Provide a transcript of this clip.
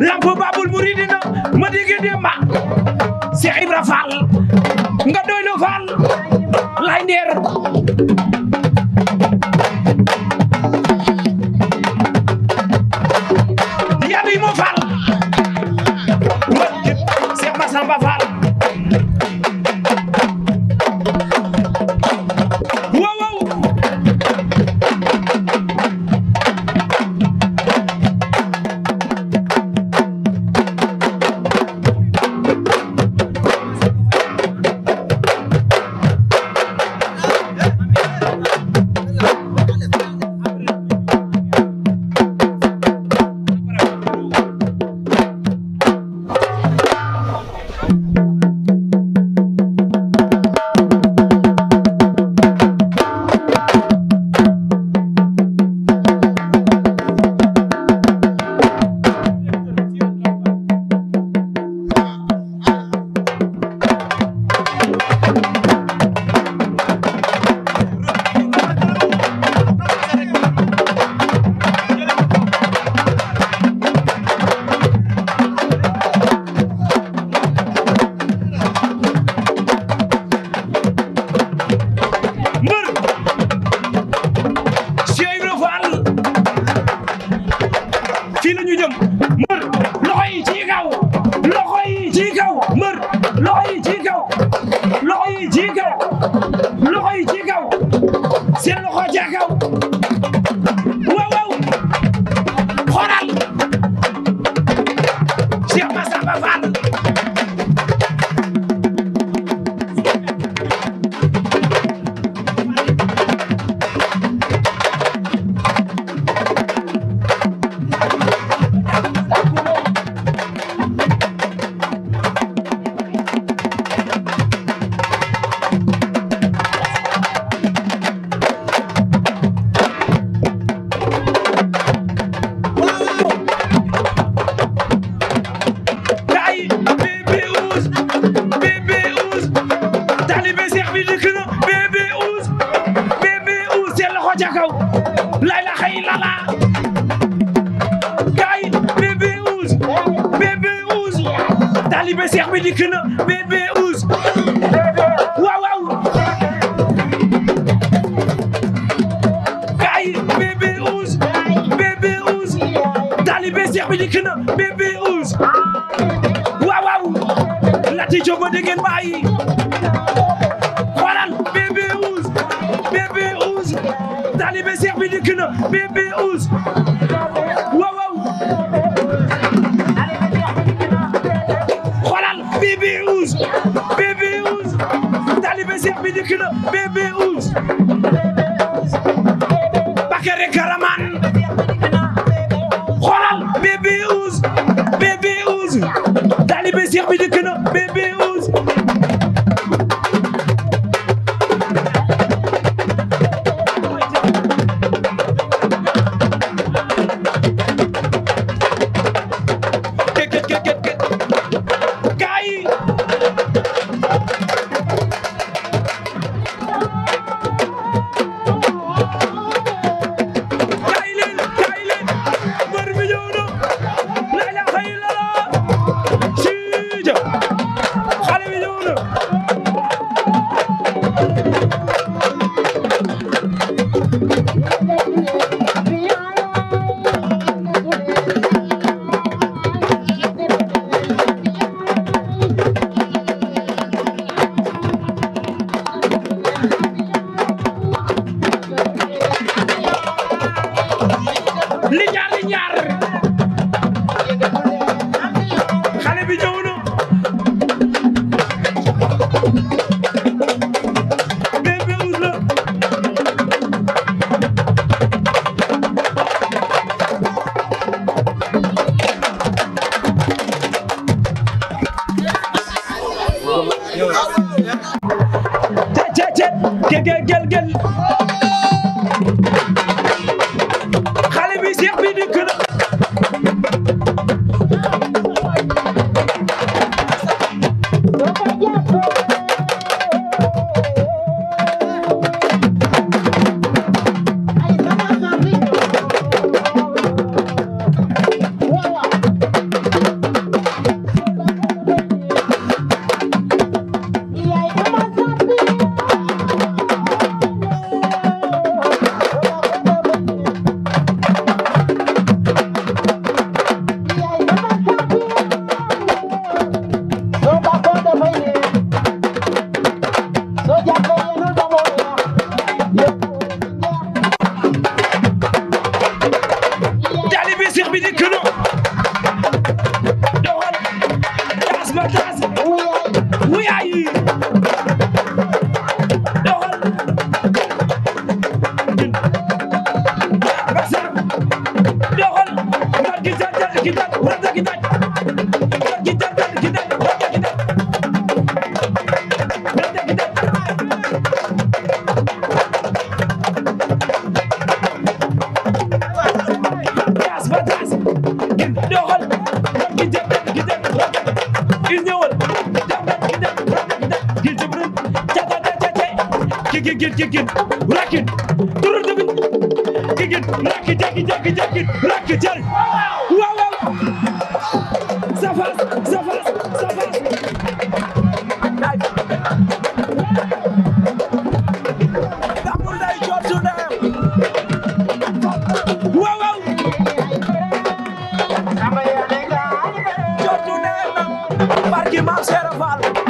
lamp babul muridina ma dégg Demba Cheikh Ibra Fall ci kaw loxo yi ci kaw seen loxo ca kaw taalibe Cheikh bi dikk na bébé Ouz waaw waaw kaay bébé Ouz bébé Ouz taalibe Cheikh bi dikk na bébé Ouz waaw waaw lati jogo de ngeen bàyyi xoolal bébé Ouz bébé Ouz taalibe Cheikh bi dikk na bébé Ouz dikk na bébé Thank you. git git git git rakit turur tamit git git rakit jakit jakit jakit rakit jël waaw waaw safas safas safas damur day jortu dem waaw waaw jortu dem barki maam Seera Faal